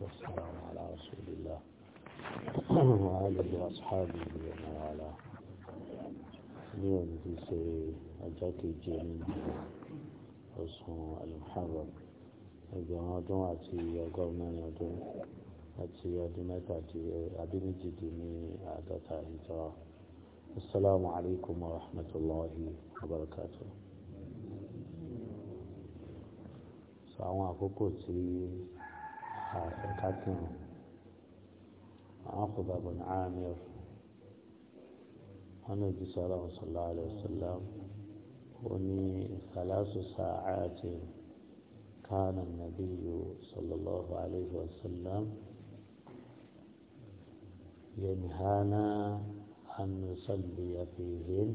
والسلام على رسول الله وآله وأصحابه ومن والاه اليوم في سيري أجاك الجميل اسمه المحرم ẹgbẹ̀rún ọdún àti ọgọ́rùn-ún mẹ́rin ọdún àti ọdún mẹ́tàdínlẹ́jìdì ní àádọ́ta ìjọra assalamu alaikum wa rahmatullahi wa barakatuh so àwọn àkókò tí حائكة عقبة بن عامر النبي صلى الله عليه وسلم وني ثلاث ساعات كان النبي صلى الله عليه وسلم ينهانا أن نصلي فيهن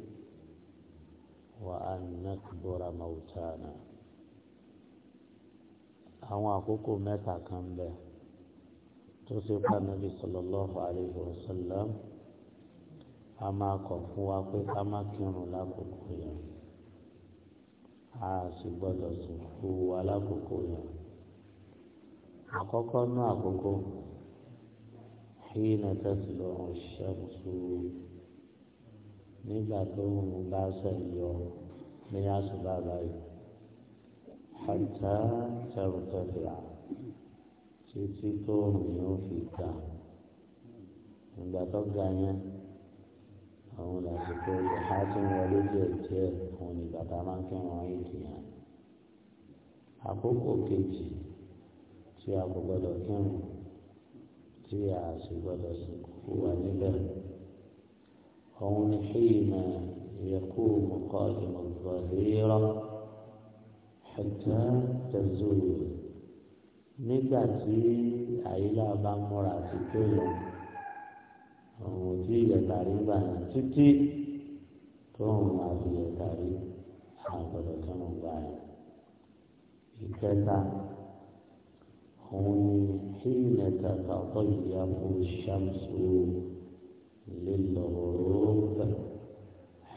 وأن نكبر موتانا àwọn àkókò mẹ́ta kan bẹ tó ṣe pa nàbí sallallahu alaihi wasallam a máa kọ̀ fún wa pé ká má kírun lákòókò yẹn a sì gbọ́dọ̀ sùn fún wa lákòókò yẹn àkọ́kọ́ ní àkókò hina tatlu ash-shamsu nígbà tó ń bá sẹ̀ yọ ní àṣùbà báyìí hàtà tẹ̀rùtẹ̀fìlà títí tó mìíràn fi gbà ìgbà tó ga yẹn àwọn làsìkò ìhà tí ń wọlé díẹ̀ díẹ̀ àwọn ìgbà tá a máa ń kẹ́wọ̀n ayé kìíyàn àkókò kejì tí a kò gbọdọ̀ kẹ́wọ̀n tí a sì gbọdọ̀ sìnkú wà níbẹ̀ òun ni fíìmù ìyẹ̀kú mọ̀kọ́ ìmọ̀ ìgbọ̀lẹ́rọ̀ ẹ̀tàn tẹ̀síwò nígbà tí àyílá bá múra sí kéèyàn àwọn òbí ìyẹ̀tàrí gbà ní títí tóun máa fi ìyẹ̀tàrí àgbọ̀dọ̀ tóun gbà ní. ìkẹta òun ni hílẹ̀ tàkà ọ̀pọ̀ ìyá fún ṣàmùsù lílọ̀ rọ́ọ̀bà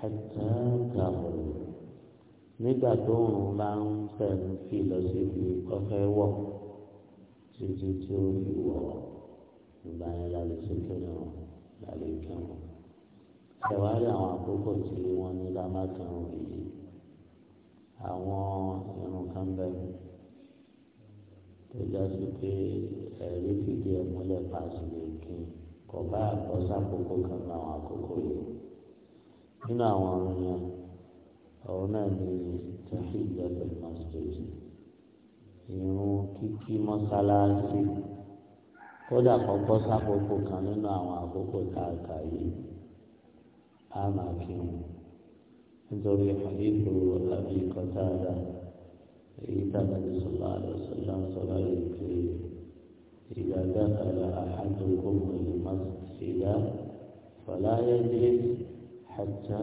ẹ̀tàn tàbùrù nígbà tó òun bá ń tẹ̀lé fi lọ síbi kọ́fẹ́ wọ̀ títí tí ó fi wọ̀ ìgbà yẹn la lè ṣe kí ni wọn la lè kí wọn. ṣẹ̀wárí àwọn àkókò tí wọ́n ní lámàkàn yìí àwọn irun kan bẹ́ẹ̀ tó já sí pé ẹ̀rí fìdí ẹ̀ múlẹ̀ pàṣẹ lè kí kọ̀ bá àkọ́sàkókò kan láwọn àkókò yìí nínú àwọn ọ̀run yẹn. ìrun kíkí mọ́sálásí kódà kọ́kọ́ sákòókò kan nínú àwọn àkókò tá a kà yìí á máa fi hàn nítorí àyíkò àbí kọ́tàdà èyí tàbí sọlá àdọ́sọlá sọlá yìí pé ìgbà dákàlà àhàdùkú mọ̀lẹ́ mọ́sídá fọláyé dé حتى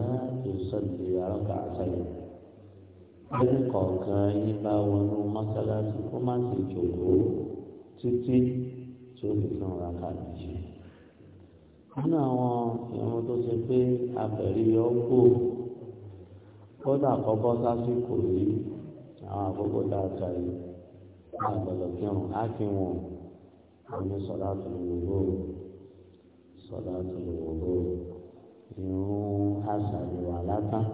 يصلي ركعتين lórí kọ̀ọ̀kan yín bá wọnú mọ́sálásí kó má sì jòkó títí tó fi tán ra kàbíyé. nínú àwọn irun tó ṣe pé abẹ̀rí ọkọ̀ kódà kọ́kọ́ sásìkò yìí àwọn àkókò dáadáa yìí àgbẹ̀lọ̀ kírun á kí wọn àmì sọ̀dá tó lòwò sọ̀dá tó lòwò irun àṣàlùwà látàn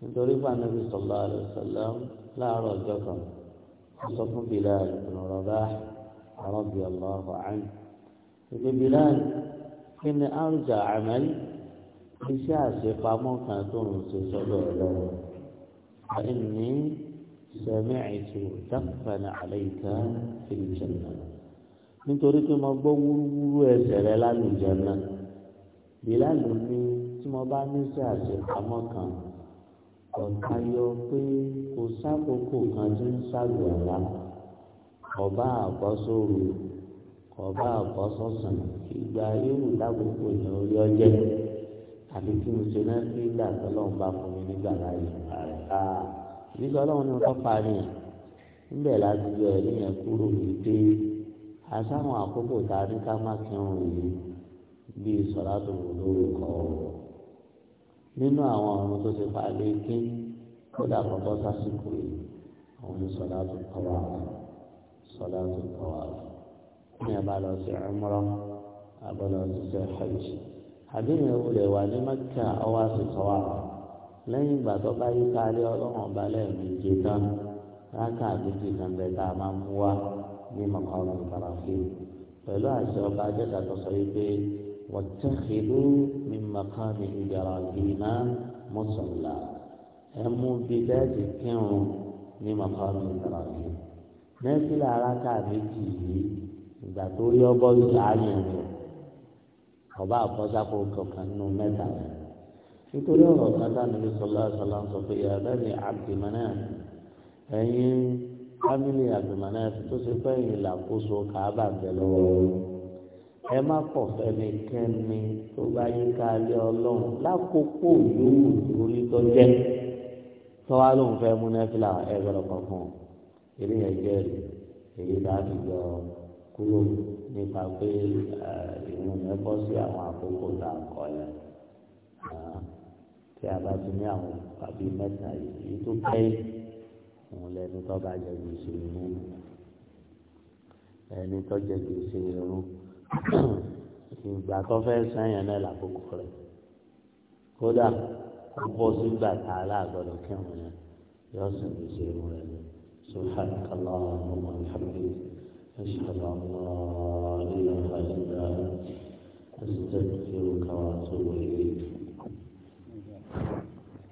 nítorí pé Ànábì sallallahu alaihi wasallam láàárọ̀ ọjọ́ kan wọ́n sọ fún Bilal ibn Rabah radiyallahu anhu ìpè Bilal kí ni àrùjà àmàlí iṣẹ́ àṣepamọ́ kan tó ń ṣe sọ́dọ̀ ọlọ́run àìní sami'tu dáfẹ́nà àlẹ́yìká fìlìjẹ̀nà nítorí pé mo gbọ́ wúrúwúrú ẹsẹ̀ rẹ lálùjẹ̀ náà Bilal ní tí mo bá ní iṣẹ́ àṣepamọ́ kan ọ̀ka yọ pé kò sákòókò kan tí ń ṣàlù ọ̀la ọba àkọ́sóru ọba àkọ́sọ̀sán ìgbà yóò dákòókò ní orí ọjẹ́ àbí kí mo ṣe náà sí ìgbà tọ́lọ́run bá fún mi nígbà láàyè nígbà ọlọ́run ni mo tọ́ parí ẹ̀ níbẹ̀ láti yọ ẹ̀rí yẹn kúrò wípé àṣàwọn àkókò tá a ní ká má kírun yìí bíi sọ̀rọ̀ àtòwò lórúkọ ọ̀rọ̀ nínú àwọn ọ̀run tó ti fà lé ké kódà kọ́kọ́ sásìkò yìí àwọn ní sọ̀lá tó kọ́wà sọ̀lá tó kọ́wà ní ẹ̀ bá lọ sí ẹ̀mọ́rọ́ abọ́lọ́ ti sẹ́ hajj àdéhùn ìwúlẹ̀ wà ní mẹ́kà ọwọ́ àti kọ́wà lẹ́yìn ìgbà tó bá yí kárí ọlọ́run ọba lẹ́ẹ̀mejì tán rákà àdéjì kan tá a máa mú wá ní mọ̀kànlá ìbára واتخذوا من مقام إبراهيم مصلى ẹmú bí bẹ́ẹ̀dì kírun ní mọ̀kànlá ìdàrọ̀jì nẹ́fìlà aráka méjì yìí ìgbà tó rí ọbọ̀ ìdáyẹn rẹ̀ ọba àbọ̀sápò kankan nínú mẹ́ta rẹ̀ nítorí ọ̀rọ̀ kátà níbi sọlá sọlá ń sọ pé ẹ̀rẹ́ ni abdulmanaf ẹ̀yin fámìlì abdulmanaf tó ṣe fẹ́yìn ìlàkóso kàábà bẹ̀ lọ́wọ́ ẹ má kọ̀ fẹ́nikẹ́ni tó bá yí kálí ọlọ́run lákòókò yòówù orí tó jẹ́ tọ́wá lòun fẹ́ mú nẹ́fìlà ẹ gbọ́dọ̀ kọ̀ fún un eré yẹn jẹ́ èyí láti yọ kúrò nípa pé ìwọ̀n yẹn bọ́ sí àwọn àkókò tá a kọ yẹn tí a bá ti ní àwọn àbí mẹ́ta yìí tó kẹ́yìn òun lẹni tó bá jẹ gbèsè irun ẹni tó jẹ gbèsè irun ìgbà tó fẹ́ sáyẹn náà làkókò rẹ̀ kódà kó bọ́ sígbà tá a láàgbọ́dọ̀ kírun yẹn yọ sí mi ṣe irun rẹ̀ ni سبحانك اللهم وبحمدك أشهد أن لا إله إلا أنت أستغفرك وأتوب إليك